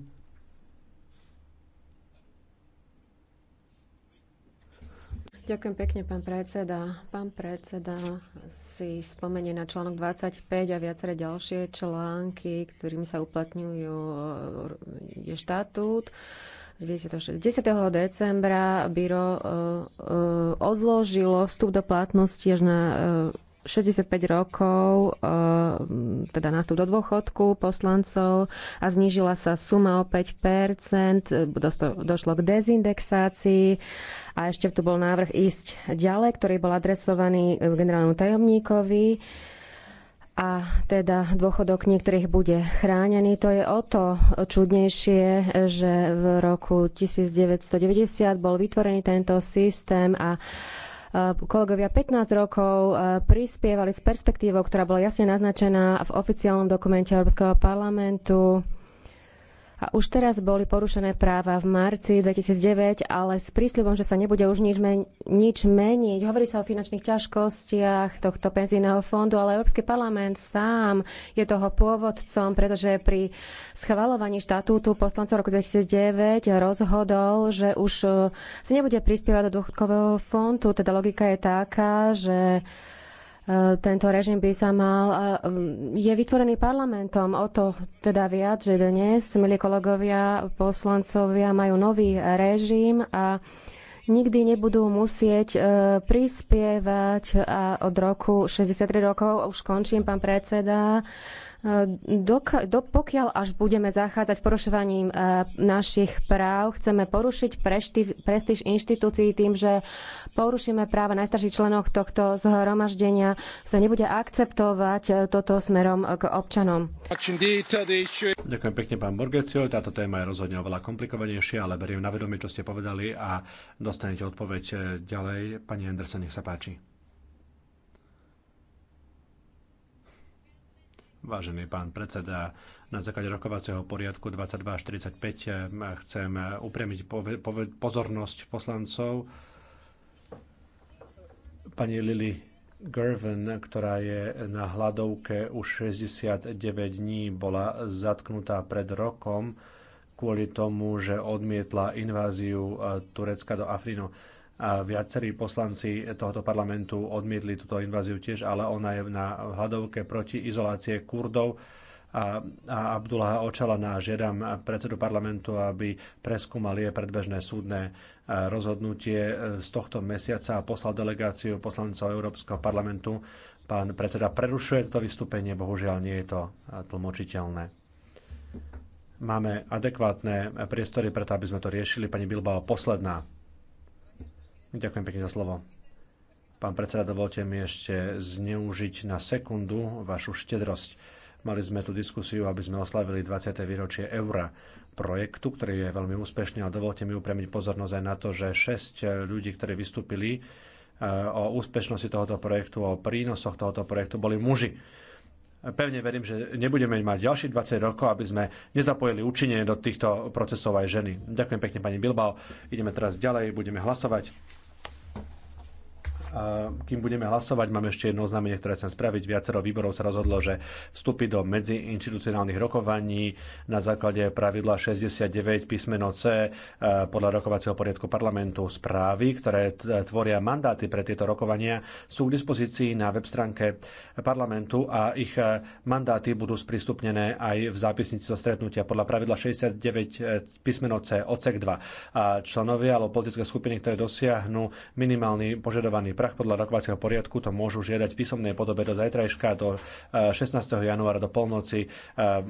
Ďakujem pekne, pán predseda. Pán predseda si spomenie na článok 25 a viaceré ďalšie články, ktorým sa uplatňujú e, je štatút. 10. decembra byro e, e, odložilo vstup do platnosti až na 65 rokov, eh, teda nástup do dôchodku poslancov a znížila sa suma o 5 došlo k dezindexácii a ešte tu bol návrh ísť ďalej, ktorý bol adresovaný eh, generálnemu tajomníkovi a teda dôchodok niektorých bude chránený. To je o to čudnejšie, že v roku 1990 bol vytvorený tento systém a Eh, kolegovia 15 rokov eh, prispievali s perspektívou, ktorá bola jasne naznačená v oficiálnom dokumente Európskeho parlamentu a už teraz boli porušené práva v marci 2009, ale s prísľubom, že sa nebude už nič, men- nič meniť. Hovorí sa o finančných ťažkostiach tohto penzijného fondu, ale Európsky parlament sám je toho pôvodcom, pretože pri schvalovaní štatútu poslancov roku 2009 rozhodol, že už e, sa nebude prispievať do dôchodkového fondu. Teda logika je taká, že tento režim by sa mal... Um, je vytvorený parlamentom o to teda viac, že dnes, milí kolegovia, poslancovia majú nový režim a nikdy nebudú musieť e, prispievať a od roku 63 rokov, už končím, pán predseda, Doka, do, pokiaľ až budeme zachádzať porušovaním e, našich práv, chceme porušiť prešti, prestíž inštitúcií tým, že porušíme práva najstarších členov tohto zhromaždenia, sa nebude akceptovať e, toto smerom k občanom. Ďakujem pekne, pán Borgecio. Táto téma je rozhodne oveľa komplikovanejšia, ale beriem na vedomie, čo ste povedali a dostanete odpoveď e, ďalej. Pani Andersen, nech sa páči. Vážený pán predseda, na základe rokovacieho poriadku 2245 ehm, chcem eh, upriamiť pozornosť poslancov pani Lily Gervin, ktorá je na hladovke už 69 dní, bola zatknutá pred rokom kvôli tomu, že odmietla inváziu eh, Turecka do Afrinu Viacerí poslanci tohoto parlamentu odmietli túto inváziu tiež, ale ona je na hľadovke proti izolácie Kurdov a, a Abdullaha Očalana. Žiadam predsedu parlamentu, aby preskúmal je predbežné súdne e, rozhodnutie e, z tohto mesiaca a poslal delegáciu poslancov Európskeho parlamentu. Pán predseda prerušuje toto vystúpenie, bohužiaľ nie je to e, tlmočiteľné máme adekvátne priestory preto, aby sme to riešili. Pani Bilbao, posledná. Ďakujem pekne za slovo. Pán predseda, dovolte mi ešte zneužiť na sekundu vašu štedrosť. Mali sme tu diskusiu, aby sme oslavili 20. výročie eura projektu, ktorý je veľmi úspešný, ale dovolte mi upremiť pozornosť aj na to, že 6 ľudí, ktorí vystúpili eh, o úspešnosti tohoto projektu, o prínosoch tohoto projektu, boli muži. Pevne verím, že nebudeme mať ďalších 20 rokov, aby sme nezapojili účinne do týchto procesov aj ženy. Ďakujem pekne, pani Bilbao. Ideme teraz ďalej, budeme hlasovať kým budeme hlasovať, máme ešte jedno oznámenie, ktoré chcem spraviť. Viacero výborov sa rozhodlo, že vstupy do medziinstitucionálnych rokovaní na základe pravidla 69 písmeno C e, podľa rokovacieho poriadku parlamentu správy, ktoré tvoria mandáty pre tieto rokovania, sú k dispozícii na web stránke parlamentu a ich e, mandáty budú sprístupnené aj v zápisnici zo stretnutia podľa pravidla 69 e, písmeno C odsek 2. A členovia alebo politické skupiny, ktoré dosiahnu minimálny požadovaný prach podľa rokovacieho poriadku, to môžu žiadať v písomnej podobe do zajtrajška, do 16. E, januára, do polnoci e,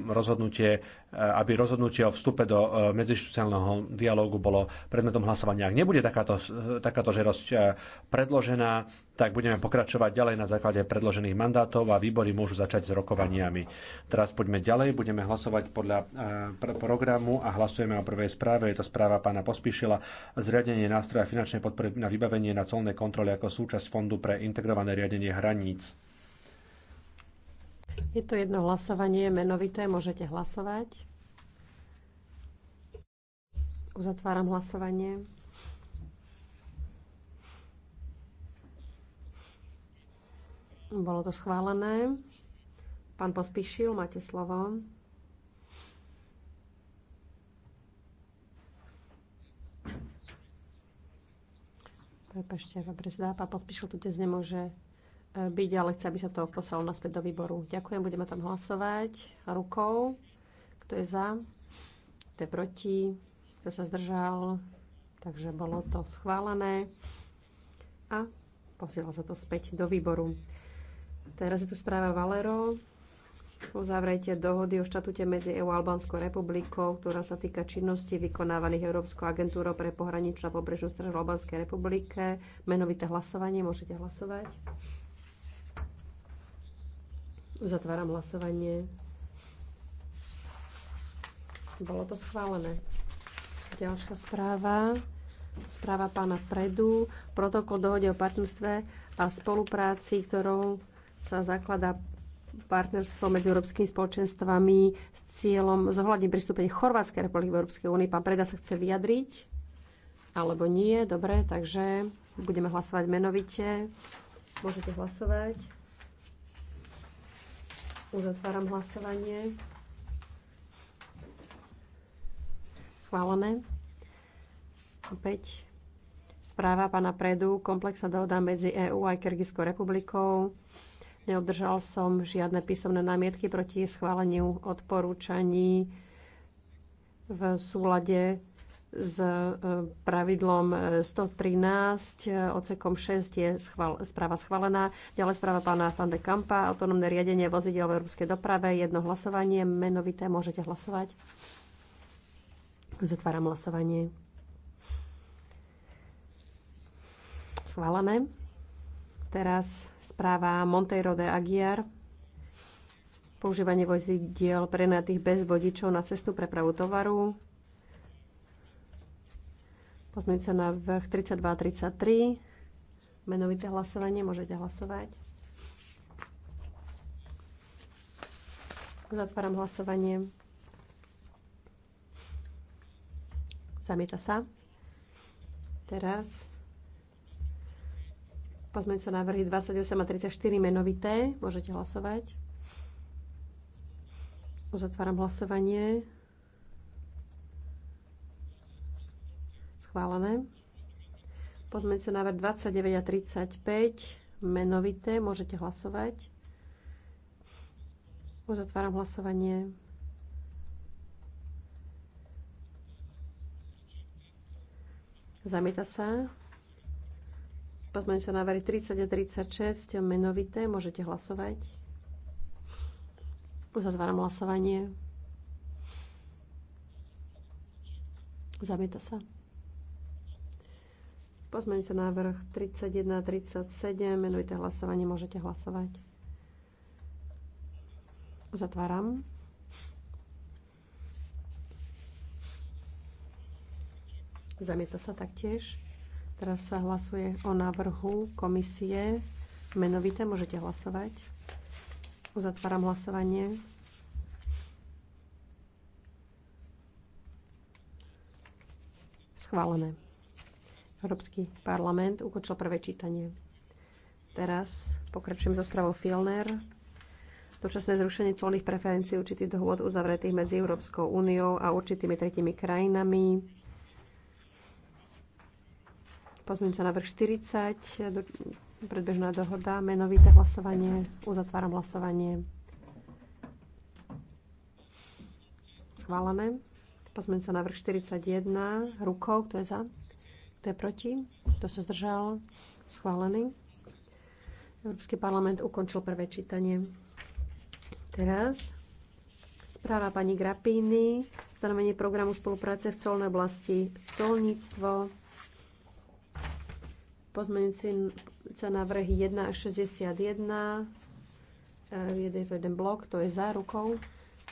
rozhodnutie, e, aby rozhodnutie o vstupe do medzištucionálneho dialógu bolo predmetom hlasovania. Ak nebude takáto, takáto žerosť predložená, tak budeme pokračovať ďalej na základe predložených mandátov a výbory môžu začať s rokovaniami. Teraz poďme ďalej, budeme hlasovať podľa eh, programu a hlasujeme o prvej správe. Je to správa pána Pospíšila zriadenie nástroja finančnej podpory na vybavenie na colné kontrole ako súčasť Fondu pre integrované riadenie hraníc. Je to jedno hlasovanie, menovité, môžete hlasovať. Uzatváram hlasovanie. Bolo to schválené. Pán Pospíšil, máte slovo. Prepašte, pán predseda, pán Pospíšil tu dnes nemôže e, byť, ale chce, aby sa to poslalo naspäť do výboru. Ďakujem, budeme tam hlasovať rukou. Kto je za? Kto je proti? Kto sa zdržal? Takže bolo to schválené a posiela sa to späť do výboru. Teraz je tu správa Valero o dohody o štatúte medzi EU a Albánskou republikou, ktorá sa týka činnosti vykonávaných Európskou agentúrou pre pohraničnú a pobrežnú stranu v Albánskej republike. Menovité hlasovanie, môžete hlasovať. Uzatváram hlasovanie. Bolo to schválené. Ďalšia správa. Správa pána Predu. Protokol dohode o partnerstve a spolupráci, ktorou sa zakladá partnerstvo medzi európskymi spoločenstvami s cieľom zohľadniť pristúpenie Chorvátskej republiky v Európskej únii. Pán Preda sa chce vyjadriť, alebo nie. Dobre, takže budeme hlasovať menovite. Môžete hlasovať. Uzatváram hlasovanie. Schválené. Opäť správa pána Predu, komplexná dohoda medzi EÚ a Kyrgyzskou republikou. Neobdržal som žiadne písomné námietky proti schváleniu odporúčaní v súlade s e, pravidlom 113, Ocekom 6 je schvál, správa schválená. Ďalej správa pána Fande Kampa, autonómne riadenie vozidel v európskej doprave, jedno hlasovanie, menovité, môžete hlasovať. Zatváram hlasovanie. Schválené. Teraz správa Monteiro de Aguiar. Používanie vozidiel prenatých bez vodičov na cestu prepravu tovaru. sa na vrch 32 33. Menovité hlasovanie, môžete hlasovať. Zatváram hlasovanie. Zamieta sa. Teraz sa návrhy 28 a 34 menovité. Môžete hlasovať. Uzatváram hlasovanie. Schválené. sa návrh 29 a 35 menovité. Môžete hlasovať. Uzatváram hlasovanie. Zamieta sa. Pozmeňte sa vary 30 a 36, menovité, môžete hlasovať. Uzatváram hlasovanie. Zamieta sa. Pozmeňte sa návrh 31 a 37, menovité hlasovanie, môžete hlasovať. Zatváram. Zamieta sa taktiež. Teraz sa hlasuje o návrhu komisie. Menovité môžete hlasovať. Uzatváram hlasovanie. Schválené. Európsky parlament ukončil prvé čítanie. Teraz pokračujem so správou Filner. Dočasné zrušenie colných preferencií určitých dohôd uzavretých medzi Európskou úniou a určitými tretimi krajinami na vrch 40, predbežná dohoda, menovité hlasovanie, uzatváram hlasovanie. Schválené. na vrch 41, rukou, kto je za, kto je proti, kto sa zdržal, schválený. Európsky parlament ukončil prvé čítanie. Teraz správa pani Grapíny, stanovenie programu spolupráce v colnej oblasti, colníctvo, Pozmeňujúce návrhy 1 až 61. Eh, jeden, jeden blok, to je za rukou,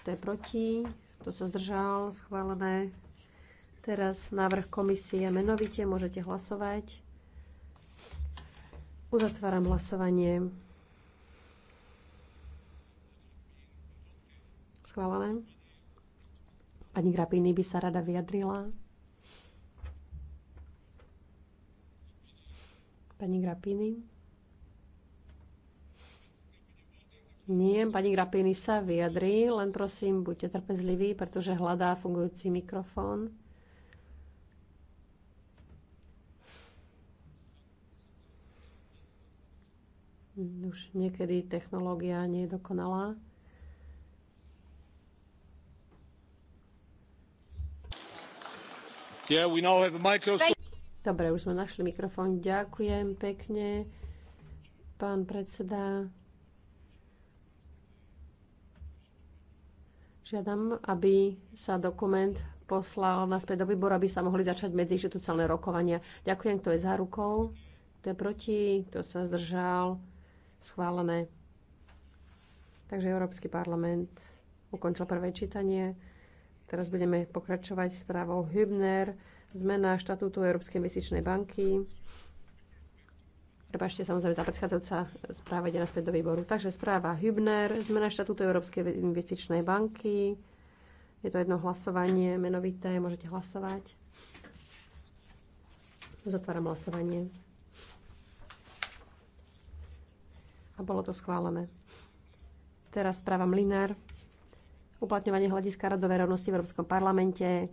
to je proti, to sa zdržal, schválené. Teraz návrh komisie menovite, môžete hlasovať. Uzatváram hlasovanie. Schválené. Pani Grapiny by sa rada vyjadrila. Pani Grapini? Nie, pani Grapini sa vyjadrí, len prosím, buďte trpezliví, pretože hľadá fungujúci mikrofón. Už niekedy technológia nie je dokonalá. Yeah, we now have a microphone. Dobre, už sme našli mikrofón. Ďakujem pekne, pán predseda. Žiadam, aby sa dokument poslal naspäť do výboru, aby sa mohli začať medziinstitucionálne rokovania. Ďakujem, kto je za rukou, kto je proti, kto sa zdržal. Schválené. Takže Európsky parlament ukončil prvé čítanie. Teraz budeme pokračovať správou Hübner zmena štatútu Európskej mesičnej banky. Prepašte, samozrejme, tá predchádzajúca správa ide naspäť do výboru. Takže správa Hübner, zmena štatútu Európskej investičnej banky. Je to jedno hlasovanie, menovité, môžete hlasovať. Zatváram hlasovanie. A bolo to schválené. Teraz správa Mlinár. Uplatňovanie hľadiska radovej rovnosti v Európskom parlamente.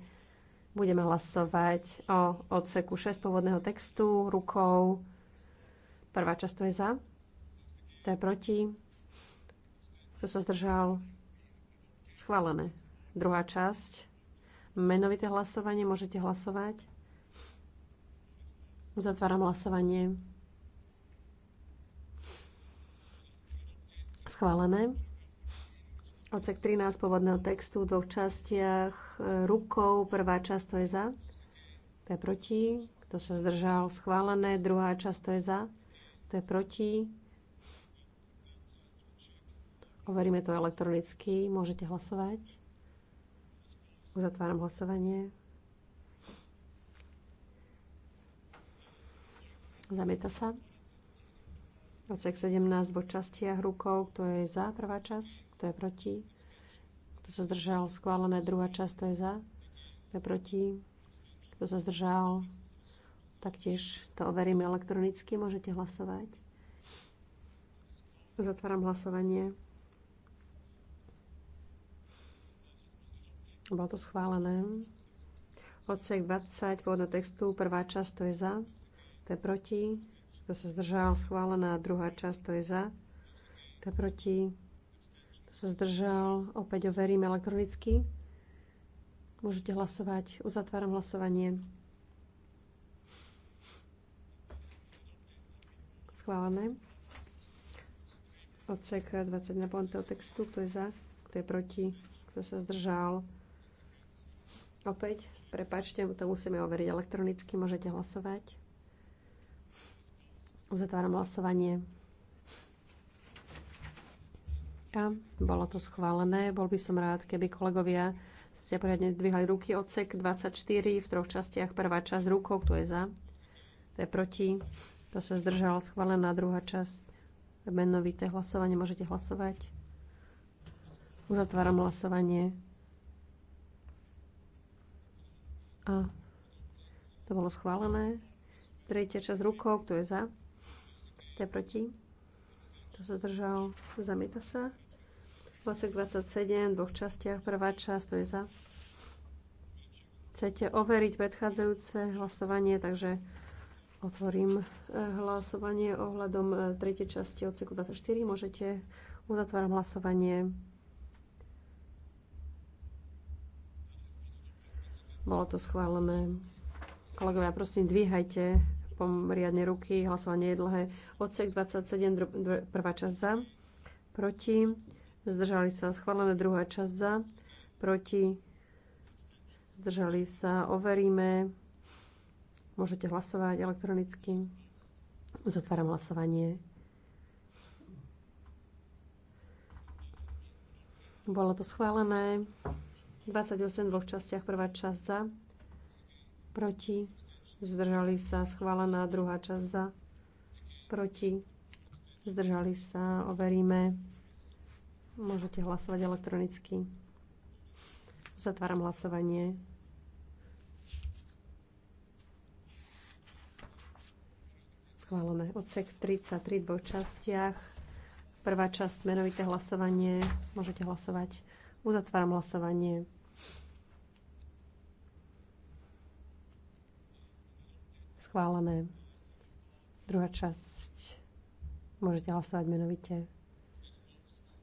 Budeme hlasovať o odseku 6 pôvodného textu rukou. Prvá časť to je za. To je proti. Kto sa zdržal? Schválené. Druhá časť. Menovité hlasovanie. Môžete hlasovať. Uzatváram hlasovanie. Schválené. Odsek 13 pôvodného textu v dvoch častiach. E, rukou prvá časť to je za. To je proti. Kto sa zdržal? Schválené. Druhá časť to je za. To je proti. Overíme to elektronicky. Môžete hlasovať. Uzatváram hlasovanie. Zamieta sa. Odsek 17 vo častiach rukou, kto je za prvá časť, to je proti. Kto sa zdržal, schválené. Druhá časť, to je za, to je proti. Kto sa zdržal, taktiež to overíme elektronicky. Môžete hlasovať. Zatváram hlasovanie. Bolo to schválené. Odsek 20 pôvodného textu, prvá časť to je za, to je proti. Kto sa zdržal, schválená. Druhá časť to je za, to je proti sa zdržal, opäť overím elektronicky. Môžete hlasovať. Uzatváram hlasovanie. Schválené. Odsek na ponteho textu. Kto je za? Kto je proti? Kto sa zdržal? Opäť, prepačte, to musíme overiť elektronicky. Môžete hlasovať. Uzatváram hlasovanie. A bolo to schválené. Bol by som rád, keby kolegovia ste poriadne dvihali ruky. Odsek 24 v troch častiach. Prvá časť rukou, kto je za, kto je proti. To sa zdržalo schválená druhá časť. Menovité hlasovanie. Môžete hlasovať. Uzatváram hlasovanie. A to bolo schválené. Tretia časť rukou, kto je za, kto je proti. To sa zdržal, zamieta sa. Odsek 27 v dvoch častiach. Prvá časť, to je za. Chcete overiť predchádzajúce hlasovanie, takže otvorím eh, hlasovanie ohľadom eh, tretej časti odseku 24. Môžete, uzatváram hlasovanie. Bolo to schválené. Kolegovia, prosím, dvíhajte pomriadne ruky. Hlasovanie je dlhé. Odsek 27, prvá časť za. Proti zdržali sa schválené, druhá časť za, proti, zdržali sa, overíme. Môžete hlasovať elektronicky. Uzatváram hlasovanie. Bolo to schválené. 28 v dvoch častiach, prvá časť za, proti, zdržali sa, schválená druhá časť za, proti, zdržali sa, overíme. Môžete hlasovať elektronicky. Zatváram hlasovanie. Schválené. Odsek 33 v dvoch častiach. Prvá časť menovité hlasovanie. Môžete hlasovať. Uzatváram hlasovanie. Schválené. Druhá časť. Môžete hlasovať menovite.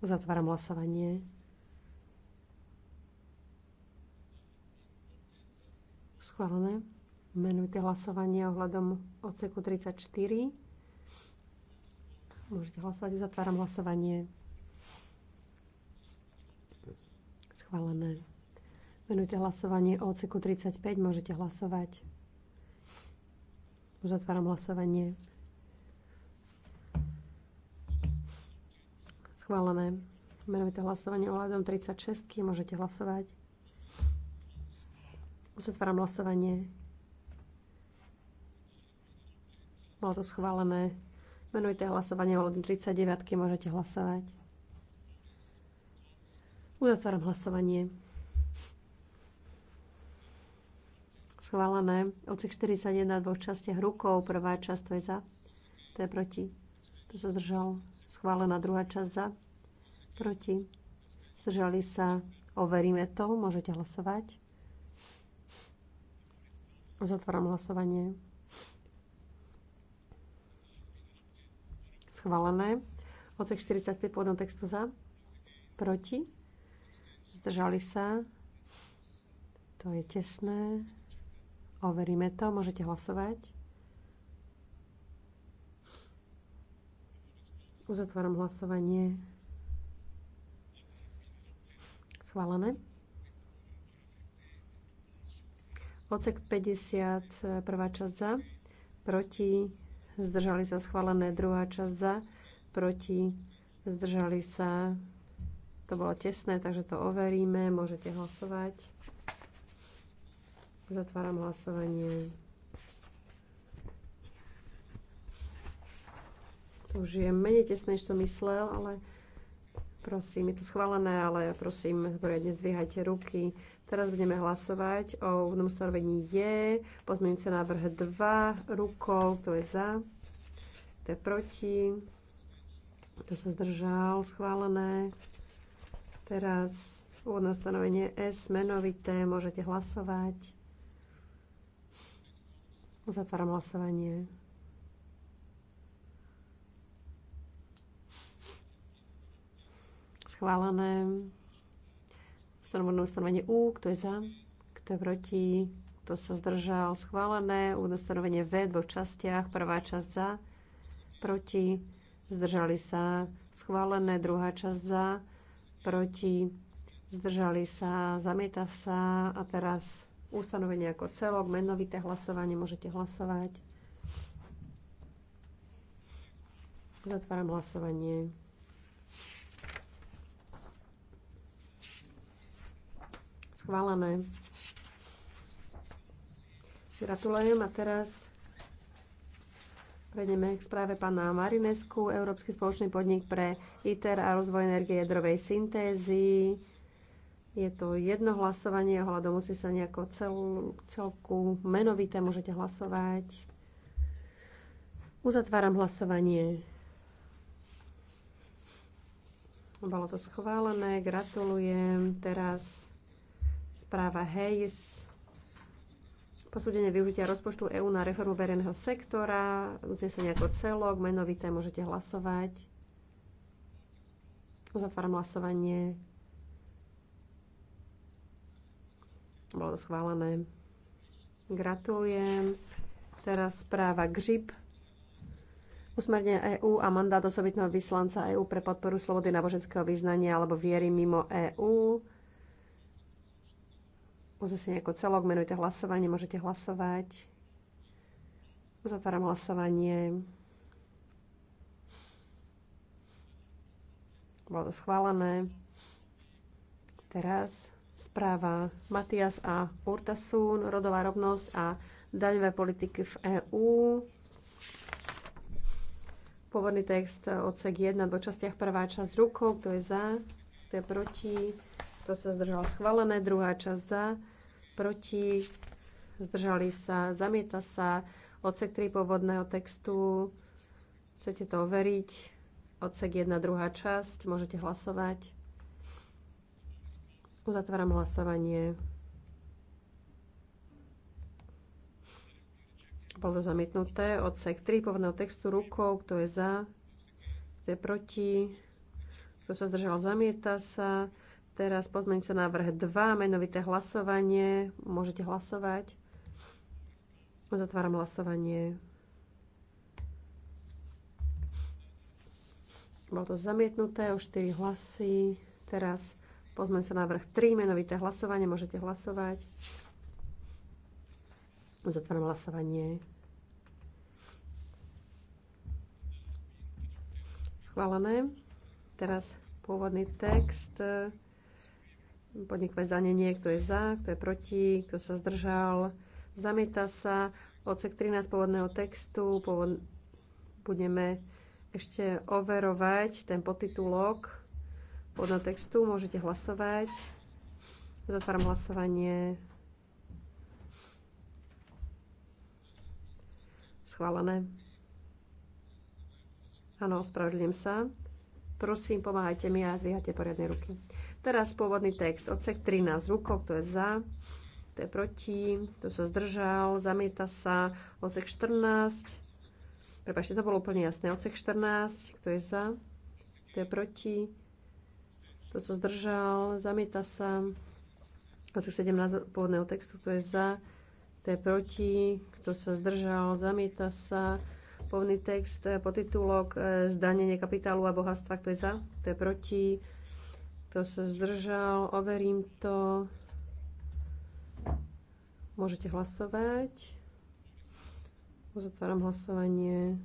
Uzatváram hlasovanie. Schválené. Menujte hlasovanie ohľadom odseku 34. Môžete hlasovať. Uzatváram hlasovanie. Schválené. Menujte hlasovanie o odseku 35. Môžete hlasovať. Uzatváram hlasovanie. Schválené. Menujte hlasovanie ohľadom 36. Môžete hlasovať. Uzatváram hlasovanie. Bolo to schválené. Menujte hlasovanie o 39. Môžete hlasovať. Uzatváram hlasovanie. Schválené. Odsek 41 v dvoch častiach rukou. Prvá časť to je za. To je proti sa zdržal, schválená druhá časť za, proti, zdržali sa, overíme to, môžete hlasovať. Zatváram hlasovanie. Schválené. Odsek 45 pôvodnom textu za, proti, zdržali sa, to je tesné, overíme to, môžete hlasovať. Uzatváram hlasovanie. Schválené. Ocek 50, prvá časť za, proti, zdržali sa schválené, druhá časť za, proti, zdržali sa, to bolo tesné, takže to overíme, môžete hlasovať. Zatváram hlasovanie. už je menej tesné, než som myslel, ale prosím, je to schválené, ale prosím, poriadne zdvíhajte ruky. Teraz budeme hlasovať o úvodnom stanovení je, pozmeňujúce návrh 2, rukou, kto je za, kto je proti, kto sa zdržal, schválené. Teraz úvodné stanovenie S, menovité, môžete hlasovať. Uzatváram hlasovanie. Schválené. Ustanovené ustanovenie U, kto je za, kto je proti, kto sa zdržal. Schválené. Ustanovenie V v dvoch častiach. Prvá časť za, proti, zdržali sa. Schválené. Druhá časť za, proti, zdržali sa, zamieta sa. A teraz ustanovenie ako celok, menovité hlasovanie, môžete hlasovať. Zatváram hlasovanie. Schválené. Gratulujem a teraz prejdeme k správe pána Marinesku, Európsky spoločný podnik pre ITER a rozvoj energie jadrovej syntézy. Je to jedno hlasovanie, hľadom musí sa nejako cel, celku menovité, môžete hlasovať. Uzatváram hlasovanie. Bolo to schválené, gratulujem. Teraz Správa Hayes. Posúdenie využitia rozpočtu EÚ na reformu verejného sektora. Uznesenie ako celok. Menovité môžete hlasovať. Uzatváram hlasovanie. Bolo to schválené. Gratulujem. Teraz správa GRIP. Usmernenie EÚ a mandát osobitného vyslanca EÚ pre podporu slobody náboženského vyznania alebo viery mimo EÚ uznesenie ako celok, menujte hlasovanie, môžete hlasovať. Uzatváram hlasovanie. Bolo to schválené. Teraz správa Matias a Urtasun, rodová rovnosť a daňové politiky v EÚ. Pôvodný text odsek 1 v častiach prvá časť rukou, kto je za, kto je proti, kto sa zdržal schválené, druhá časť za, proti, zdržali sa, zamieta sa. Odsek 3 pôvodného textu, chcete to overiť? Odsek 1, druhá časť, môžete hlasovať. Uzatváram hlasovanie. Bolo to zamietnuté. Odsek 3 pôvodného textu rukou, kto je za, kto je proti, kto sa zdržal, zamieta sa. Teraz pozmeňte sa návrh 2, menovité hlasovanie. Môžete hlasovať. Zatváram hlasovanie. Bolo to zamietnuté o 4 hlasy. Teraz pozmeň sa návrh 3, menovité hlasovanie. Môžete hlasovať. Zatváram hlasovanie. Schválené. Teraz pôvodný text podnikové zdanenie, kto je za, kto je proti, kto sa zdržal, zamieta sa. Odsek 13 pôvodného textu pôvod... budeme ešte overovať ten podtitulok pôvodného textu. Môžete hlasovať. Zatváram hlasovanie. Schválené. Áno, ospravedlňujem sa. Prosím, pomáhajte mi a zvíhajte poriadne ruky. Teraz pôvodný text, odsek 13, rukou, kto je za, kto je proti, kto sa zdržal, zamieta sa, odsek 14, prepačte, to bolo úplne jasné, odsek 14, kto je za, kto je proti, kto sa zdržal, zamieta sa, odsek 17 pôvodného textu, kto je za, kto je proti, kto sa zdržal, zamieta sa, pôvodný text, podtitulok, e, zdanenie kapitálu a bohatstva, kto je za, kto je proti, kto sa zdržal? Overím to. Môžete hlasovať. Uzatváram hlasovanie.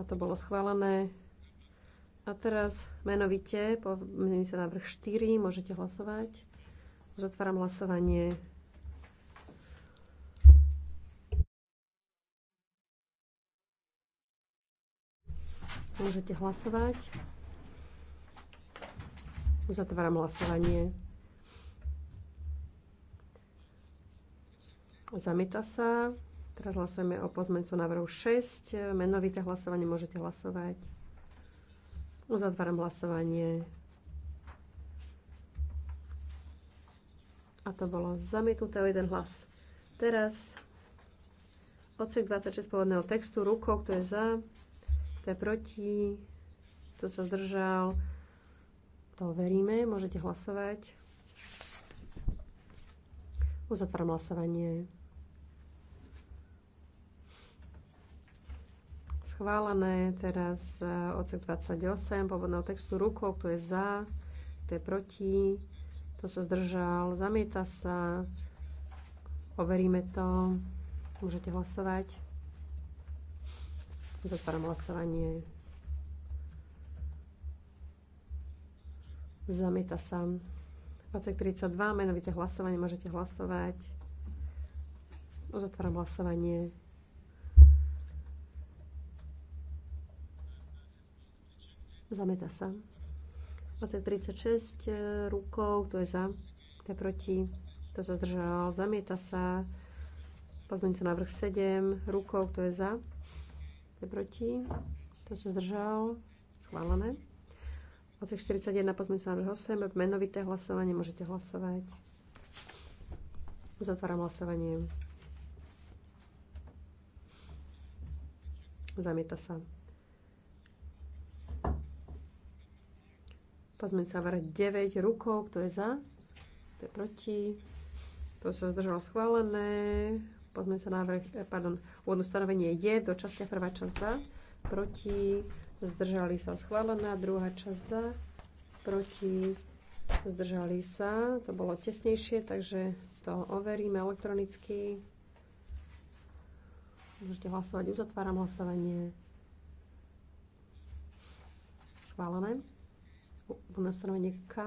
A to bolo schválené. A teraz menovite, pomením sa návrh 4, môžete hlasovať. Uzatváram hlasovanie. Môžete hlasovať. Uzatváram hlasovanie. Zamieta sa. Teraz hlasujeme o pozmeňcu návrhu 6. Menovité hlasovanie môžete hlasovať. Uzatváram hlasovanie. A to bolo zamietnuté o jeden hlas. Teraz odsek 26 pôvodného textu rukou, kto je za, kto je proti, kto sa zdržal to veríme. Môžete hlasovať. Uzatváram hlasovanie. Schválené teraz eh, odsek 28 pôvodného textu rukou, kto je za, kto je proti, kto sa zdržal, zamieta sa. Overíme to. Môžete hlasovať. Uzatváram hlasovanie. Zamieta sa. 2032, 32, menovité hlasovanie, môžete hlasovať. Uzatváram hlasovanie. Zamieta sa. 2036 36 e, rukou, kto je za, kto je proti, kto sa zdržal, zamieta sa. Pozmeňujúci návrh 7 rukou, kto je za, kto je proti, kto sa zdržal, schválené. Odsek 41 sa návrh 8. Menovité hlasovanie. Môžete hlasovať. Zatváram hlasovanie. Zamieta sa. Pozmeň sa vrať 9 rukou, kto je za, kto je proti. To sa zdržalo schválené. Pozmeň sa návrh, eh, pardon, úvodné stanovenie je do prvá časť za, proti, zdržali sa schválená, druhá časť za, proti, zdržali sa, to bolo tesnejšie, takže to overíme elektronicky. Môžete hlasovať, uzatváram hlasovanie. Schválené. Ustanovenie K.